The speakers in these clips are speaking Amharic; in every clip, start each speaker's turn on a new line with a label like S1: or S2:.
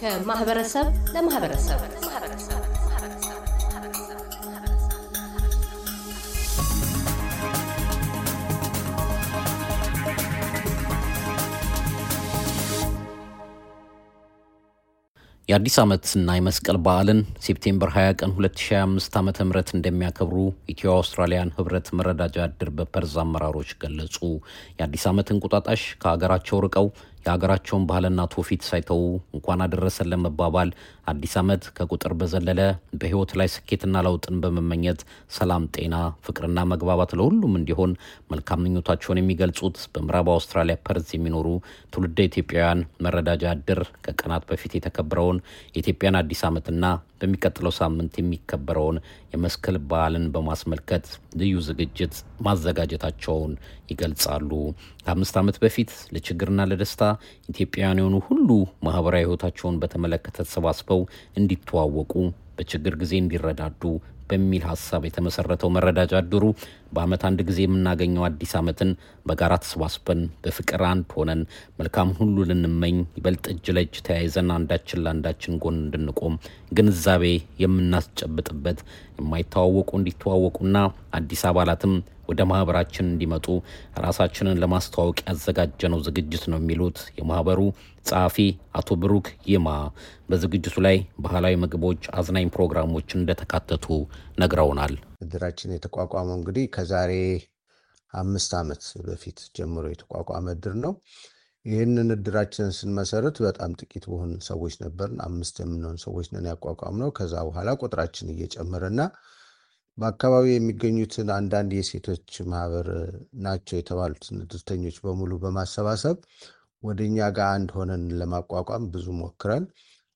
S1: ከማህበረሰብ
S2: ለማህበረሰብ
S1: የአዲስ ዓመትና የመስቀል በዓልን ሴፕቴምበር 20 ቀን 2025 ዓ ም እንደሚያከብሩ ኢትዮ አውስትራሊያን ህብረት መረዳጃ ድር በፐርዝ አመራሮች ገለጹ። የአዲስ ዓመት እንቁጣጣሽ ከሀገራቸው ርቀው የሀገራቸውን ባህልና ትውፊት ሳይተዉ እንኳን አደረሰን ለመባባል አዲስ ዓመት ከቁጥር በዘለለ በህይወት ላይ ስኬትና ለውጥን በመመኘት ሰላም፣ ጤና፣ ፍቅርና መግባባት ለሁሉም እንዲሆን መልካም ምኞታቸውን የሚገልጹት በምዕራብ አውስትራሊያ ፐርዝ የሚኖሩ ትውልደ ኢትዮጵያውያን መረዳጃ እድር ከቀናት በፊት የተከበረውን የኢትዮጵያን አዲስ ዓመትና በሚቀጥለው ሳምንት የሚከበረውን የመስቀል በዓልን በማስመልከት ልዩ ዝግጅት ማዘጋጀታቸውን ይገልጻሉ። ከአምስት ዓመት በፊት ለችግርና ለደስታ ኢትዮጵያውያን የሆኑ ሁሉ ማህበራዊ ህይወታቸውን በተመለከተ ተሰባስበው እንዲተዋወቁ በችግር ጊዜ እንዲረዳዱ በሚል ሀሳብ የተመሰረተው መረዳጃ ድሩ በአመት አንድ ጊዜ የምናገኘው አዲስ አመትን በጋራ ተሰባስበን በፍቅር አንድ ሆነን መልካም ሁሉ ልንመኝ ይበልጥ እጅ ለእጅ ተያይዘን አንዳችን ለአንዳችን ጎን እንድንቆም ግንዛቤ የምናስጨብጥበት የማይተዋወቁ እንዲተዋወቁና አዲስ አባላትም ወደ ማህበራችን እንዲመጡ ራሳችንን ለማስተዋወቅ ያዘጋጀነው ዝግጅት ነው የሚሉት የማህበሩ ጸሐፊ አቶ ብሩክ ይማ በዝግጅቱ ላይ ባህላዊ ምግቦች፣ አዝናኝ ፕሮግራሞች እንደተካተቱ ነግረውናል። እድራችን የተቋቋመው
S3: እንግዲህ ከዛሬ አምስት ዓመት በፊት ጀምሮ የተቋቋመ እድር ነው። ይህንን እድራችንን ስንመሰርት በጣም ጥቂት በሆን ሰዎች ነበርን። አምስት የምንሆን ሰዎች ነን ያቋቋም ነው። ከዛ በኋላ ቁጥራችን እየጨመረና በአካባቢው የሚገኙትን አንዳንድ የሴቶች ማህበር ናቸው የተባሉትን እድርተኞች በሙሉ በማሰባሰብ ወደ እኛ ጋር አንድ ሆነን ለማቋቋም ብዙ ሞክረን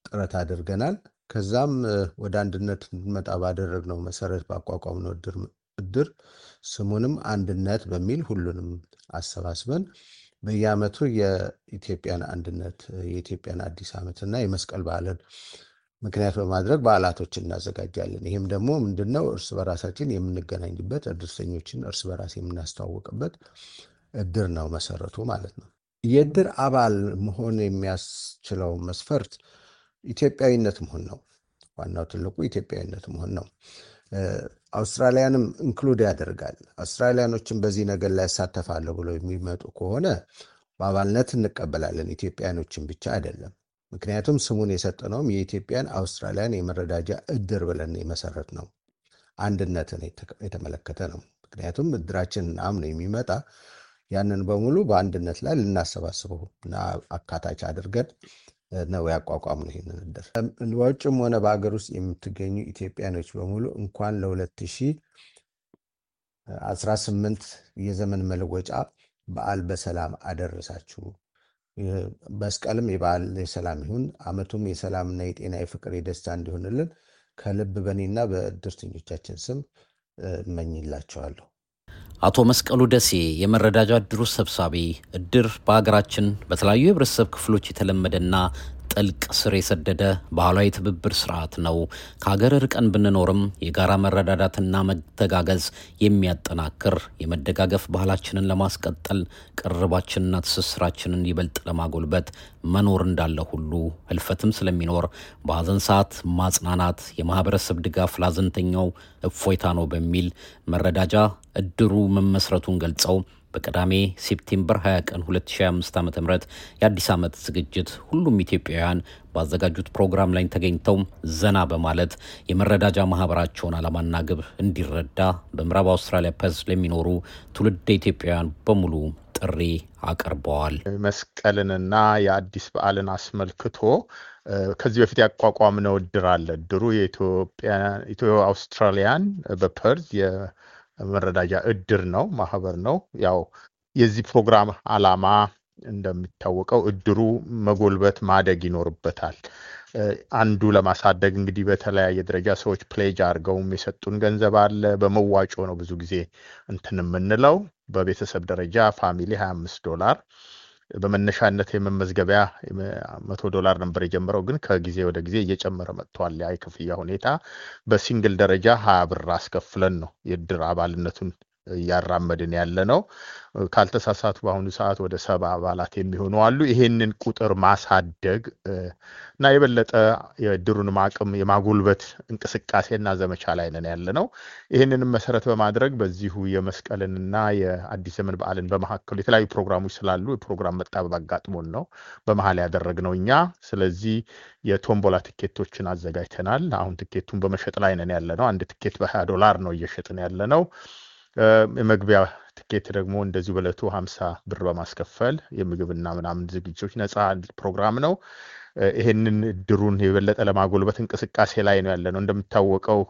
S3: ጥረት አድርገናል። ከዛም ወደ አንድነት እንድንመጣ ባደረግነው መሰረት ባቋቋምነው እድር ስሙንም አንድነት በሚል ሁሉንም አሰባስበን በየዓመቱ የኢትዮጵያን አንድነት የኢትዮጵያን አዲስ ዓመትና የመስቀል በዓልን ምክንያት በማድረግ በዓላቶች እናዘጋጃለን። ይህም ደግሞ ምንድነው እርስ በራሳችን የምንገናኝበት እድርተኞችን እርስ በራስ የምናስተዋወቅበት እድር ነው መሰረቱ ማለት ነው። የእድር አባል መሆን የሚያስችለው መስፈርት ኢትዮጵያዊነት መሆን ነው። ዋናው ትልቁ ኢትዮጵያዊነት መሆን ነው። አውስትራሊያንም ኢንክሉድ ያደርጋል። አውስትራሊያኖችን በዚህ ነገር ላይ ያሳተፋለሁ ብለው የሚመጡ ከሆነ በአባልነት እንቀበላለን። ኢትዮጵያኖችን ብቻ አይደለም። ምክንያቱም ስሙን የሰጠነውም የኢትዮጵያን አውስትራሊያን የመረዳጃ እድር ብለን የመሰረት ነው። አንድነትን የተመለከተ ነው። ምክንያቱም እድራችን አምኖ የሚመጣ ያንን በሙሉ በአንድነት ላይ ልናሰባስበው እና አካታች አድርገን ነው ያቋቋሙ ነው ይህንን እድር። በውጭም ሆነ በሀገር ውስጥ የምትገኙ ኢትዮጵያኖች በሙሉ እንኳን ለ2018 የዘመን መለወጫ በዓል በሰላም አደረሳችሁ መስቀልም የበዓል የሰላም ይሁን፣ አመቱም የሰላምና የጤና የፍቅር የደስታ እንዲሆንልን ከልብ በእኔና በእድርተኞቻችን ስም እመኝላቸዋለሁ።
S1: አቶ መስቀሉ ደሴ የመረዳጃ እድሩ ሰብሳቢ። እድር በሀገራችን በተለያዩ የህብረተሰብ ክፍሎች የተለመደና ጥልቅ ስር የሰደደ ባህላዊ ትብብር ስርዓት ነው። ከሀገር ርቀን ብንኖርም የጋራ መረዳዳትና መተጋገዝ የሚያጠናክር የመደጋገፍ ባህላችንን ለማስቀጠል ቅርባችንና ትስስራችንን ይበልጥ ለማጎልበት መኖር እንዳለ ሁሉ ህልፈትም ስለሚኖር በሀዘን ሰዓት ማጽናናት፣ የማህበረሰብ ድጋፍ ላዘንተኛው እፎይታ ነው በሚል መረዳጃ እድሩ መመስረቱን ገልጸው በቅዳሜ ሴፕቴምበር 20 ቀን 2025 ዓ ም የአዲስ ዓመት ዝግጅት ሁሉም ኢትዮጵያውያን ባዘጋጁት ፕሮግራም ላይ ተገኝተው ዘና በማለት የመረዳጃ ማህበራቸውን ዓላማና ግብ እንዲረዳ በምዕራብ አውስትራሊያ ፐርስ ለሚኖሩ ትውልደ ኢትዮጵያውያን በሙሉ ጥሪ አቅርበዋል።
S2: መስቀልንና የአዲስ በዓልን አስመልክቶ ከዚህ በፊት ያቋቋምነው እድር አለ። እድሩ የኢትዮ አውስትራሊያን በፐርዝ መረዳጃ እድር ነው፣ ማህበር ነው። ያው የዚህ ፕሮግራም አላማ እንደሚታወቀው እድሩ መጎልበት ማደግ ይኖርበታል። አንዱ ለማሳደግ እንግዲህ በተለያየ ደረጃ ሰዎች ፕሌጅ አድርገውም የሰጡን ገንዘብ አለ። በመዋጮ ነው ብዙ ጊዜ እንትን የምንለው በቤተሰብ ደረጃ ፋሚሊ 25 ዶላር በመነሻነት የመመዝገቢያ መቶ ዶላር ነበር የጀመረው፣ ግን ከጊዜ ወደ ጊዜ እየጨመረ መጥቷል። ያ የክፍያ ሁኔታ በሲንግል ደረጃ ሀያ ብር አስከፍለን ነው የእድር አባልነቱን እያራመድን ያለ ነው። ካልተሳሳቱ በአሁኑ ሰዓት ወደ ሰባ አባላት የሚሆኑ አሉ። ይሄንን ቁጥር ማሳደግ እና የበለጠ የድሩንም አቅም የማጎልበት እንቅስቃሴና ዘመቻ ላይ ነን ያለ ነው። ይህንንም መሰረት በማድረግ በዚሁ የመስቀልንና የአዲስ ዘመን በዓልን በመካከሉ የተለያዩ ፕሮግራሞች ስላሉ የፕሮግራም መጣበብ አጋጥሞን ነው በመሀል ያደረግነው እኛ። ስለዚህ የቶምቦላ ትኬቶችን አዘጋጅተናል። አሁን ትኬቱን በመሸጥ ላይ ነን ያለ ነው። አንድ ትኬት በሀያ ዶላር ነው እየሸጥን ያለ ነው። የመግቢያ ትኬት ደግሞ እንደዚሁ በለቱ ሀምሳ ብር በማስከፈል የምግብና ምናምን ዝግጅቶች ነፃ ፕሮግራም ነው። ይሄንን እድሩን የበለጠ ለማጎልበት እንቅስቃሴ ላይ ነው ያለ ነው። እንደሚታወቀው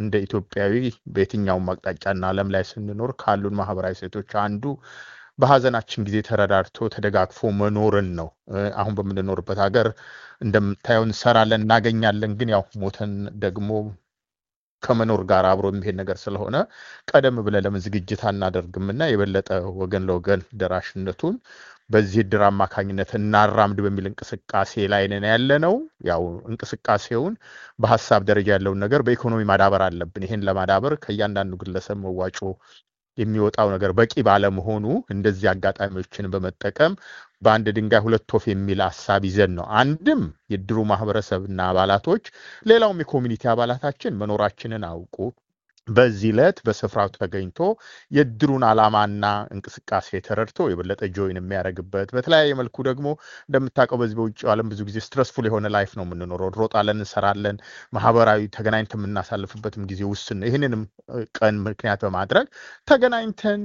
S2: እንደ ኢትዮጵያዊ በየትኛውም አቅጣጫና ዓለም ላይ ስንኖር ካሉን ማህበራዊ ሴቶች አንዱ በሀዘናችን ጊዜ ተረዳድቶ ተደጋግፎ መኖርን ነው። አሁን በምንኖርበት ሀገር እንደምታየው እንሰራለን፣ እናገኛለን። ግን ያው ሞተን ደግሞ ከመኖር ጋር አብሮ የሚሄድ ነገር ስለሆነ ቀደም ብለን ለምን ዝግጅት አናደርግምና የበለጠ ወገን ለወገን ደራሽነቱን በዚህ ድር አማካኝነት እናራምድ በሚል እንቅስቃሴ ላይ ነን ያለ ነው። ያው እንቅስቃሴውን በሀሳብ ደረጃ ያለውን ነገር በኢኮኖሚ ማዳበር አለብን። ይህን ለማዳበር ከእያንዳንዱ ግለሰብ መዋጮ የሚወጣው ነገር በቂ ባለመሆኑ እንደዚህ አጋጣሚዎችን በመጠቀም በአንድ ድንጋይ ሁለት ወፍ የሚል ሀሳብ ይዘን ነው። አንድም የድሩ ማህበረሰብና አባላቶች፣ ሌላውም የኮሚኒቲ አባላታችን መኖራችንን አውቁ በዚህ ዕለት በስፍራው ተገኝቶ የድሩን ዓላማና እንቅስቃሴ ተረድቶ የበለጠ ጆይን የሚያደርግበት በተለያየ መልኩ ደግሞ እንደምታውቀው በዚህ በውጭ ዓለም ብዙ ጊዜ ስትረስፉል የሆነ ላይፍ ነው የምንኖረው። እንሮጣለን፣ እንሰራለን። ማህበራዊ ተገናኝተን የምናሳልፍበትም ጊዜ ውስን ነው። ይህንንም ቀን ምክንያት በማድረግ ተገናኝተን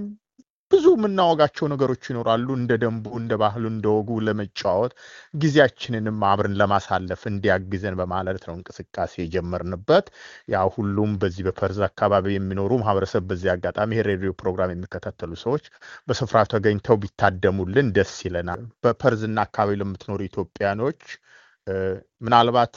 S2: ብዙ የምናወጋቸው ነገሮች ይኖራሉ። እንደ ደንቡ፣ እንደ ባህሉ፣ እንደ ወጉ ለመጫወት ጊዜያችንንም አብርን ለማሳለፍ እንዲያግዘን በማለት ነው እንቅስቃሴ የጀመርንበት። ያ ሁሉም በዚህ በፐርዝ አካባቢ የሚኖሩ ማህበረሰብ በዚህ አጋጣሚ ይሄ ሬዲዮ ፕሮግራም የሚከታተሉ ሰዎች በስፍራ ተገኝተው ቢታደሙልን ደስ ይለናል። በፐርዝና አካባቢ ለምትኖሩ ኢትዮጵያኖች ምናልባት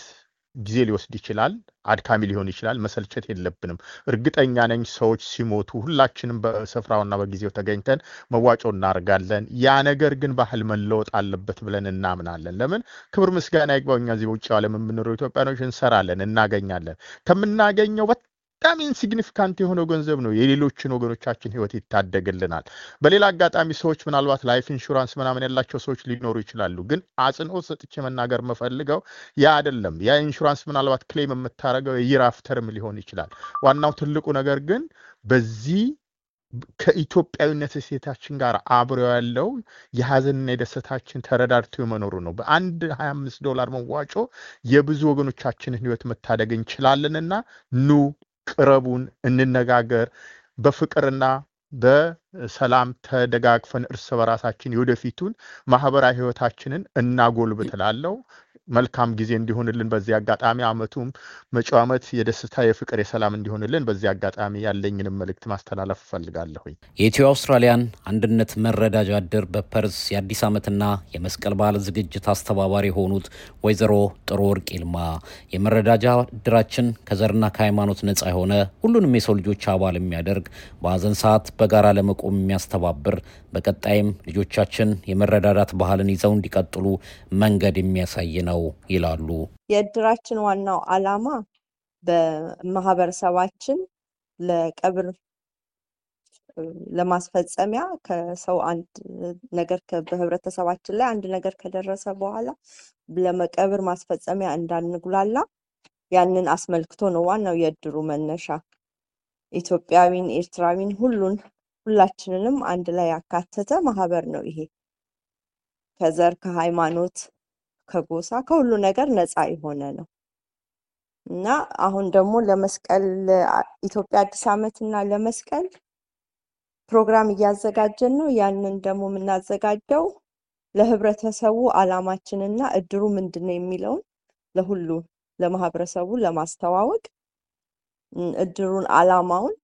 S2: ጊዜ ሊወስድ ይችላል፣ አድካሚ ሊሆን ይችላል። መሰልቸት የለብንም። እርግጠኛ ነኝ ሰዎች ሲሞቱ ሁላችንም በስፍራውና በጊዜው ተገኝተን መዋጮ እናደርጋለን። ያ ነገር ግን ባህል መለወጥ አለበት ብለን እናምናለን። ለምን ክብር ምስጋና ይግባው። እኛ እዚህ በውጭ ዓለም ኢትዮጵያኖች እንሰራለን፣ እናገኛለን ከምናገኘው በጣም ኢንሲግኒፊካንት የሆነው ገንዘብ ነው። የሌሎችን ወገኖቻችን ህይወት ይታደግልናል። በሌላ አጋጣሚ ሰዎች ምናልባት ላይፍ ኢንሹራንስ ምናምን ያላቸው ሰዎች ሊኖሩ ይችላሉ። ግን አጽንኦት ሰጥቼ መናገር የምፈልገው ያ አይደለም። ያ ኢንሹራንስ ምናልባት ክሌም የምታደርገው የይር አፍተርም ሊሆን ይችላል። ዋናው ትልቁ ነገር ግን በዚህ ከኢትዮጵያዊነት እሴታችን ጋር አብሮ ያለው የሀዘንና የደስታችን ተረዳድቶ የመኖሩ ነው። በአንድ 25 ዶላር መዋጮ የብዙ ወገኖቻችንን ህይወት መታደግ እንችላለንና ኑ ቅረቡን፣ እንነጋገር፣ በፍቅርና በሰላም ተደጋግፈን እርስ በራሳችን የወደፊቱን ማህበራዊ ህይወታችንን እናጎልብትላለው። መልካም ጊዜ እንዲሆንልን በዚህ አጋጣሚ አመቱም መጪው ዓመት የደስታ የፍቅር፣ የሰላም እንዲሆንልን በዚህ አጋጣሚ ያለኝንም መልእክት ማስተላለፍ
S1: እፈልጋለሁኝ። የኢትዮ አውስትራሊያን አንድነት መረዳጃ ድር በፐርስ የአዲስ ዓመትና የመስቀል በዓል ዝግጅት አስተባባሪ የሆኑት ወይዘሮ ጥሩ ወርቅ ይልማ የመረዳጃ ድራችን ከዘርና ከሃይማኖት ነጻ የሆነ ሁሉንም የሰው ልጆች አባል የሚያደርግ በሀዘን ሰዓት በጋራ ለመቆም የሚያስተባብር በቀጣይም ልጆቻችን የመረዳዳት ባህልን ይዘው እንዲቀጥሉ መንገድ የሚያሳይ ነው ነው ይላሉ።
S4: የእድራችን ዋናው ዓላማ በማህበረሰባችን ለቀብር ለማስፈጸሚያ ከሰው አንድ ነገር በህብረተሰባችን ላይ አንድ ነገር ከደረሰ በኋላ ለመቀብር ማስፈጸሚያ እንዳንጉላላ ያንን አስመልክቶ ነው ዋናው የእድሩ መነሻ። ኢትዮጵያዊን፣ ኤርትራዊን፣ ሁሉን ሁላችንንም አንድ ላይ ያካተተ ማህበር ነው ይሄ ከዘር ከሃይማኖት ከጎሳ ከሁሉ ነገር ነፃ የሆነ ነው እና አሁን ደግሞ ለመስቀል ኢትዮጵያ አዲስ ዓመት እና ለመስቀል ፕሮግራም እያዘጋጀን ነው። ያንን ደግሞ የምናዘጋጀው ለህብረተሰቡ አላማችንና እድሩ ምንድን ነው የሚለውን ለሁሉ ለማህበረሰቡ ለማስተዋወቅ እድሩን አላማውን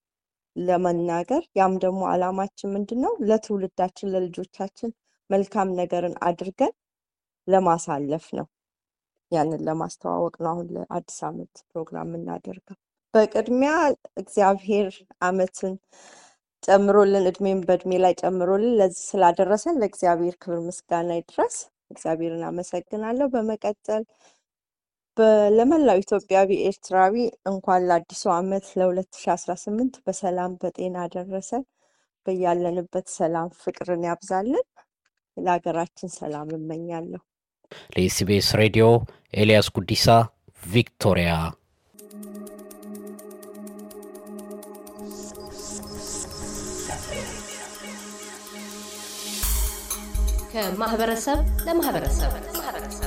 S4: ለመናገር ያም ደግሞ አላማችን ምንድን ነው ለትውልዳችን ለልጆቻችን መልካም ነገርን አድርገን ለማሳለፍ ነው። ያንን ለማስተዋወቅ ነው አሁን ለአዲስ ዓመት ፕሮግራም እናደርገው። በቅድሚያ እግዚአብሔር ዓመትን ጨምሮልን እድሜን በእድሜ ላይ ጨምሮልን ለዚህ ስላደረሰን ለእግዚአብሔር ክብር ምስጋና ይድረስ። እግዚአብሔርን አመሰግናለሁ። በመቀጠል ለመላው ኢትዮጵያዊ ኤርትራዊ እንኳን ለአዲሱ ዓመት ለ2018 በሰላም በጤና አደረሰን። በያለንበት ሰላም ፍቅርን ያብዛልን። ለሀገራችን ሰላም እመኛለሁ።
S1: ለኤስቤስ ሬዲዮ ኤልያስ ጉዲሳ ቪክቶሪያ
S4: ከማህበረሰብ ለማህበረሰብ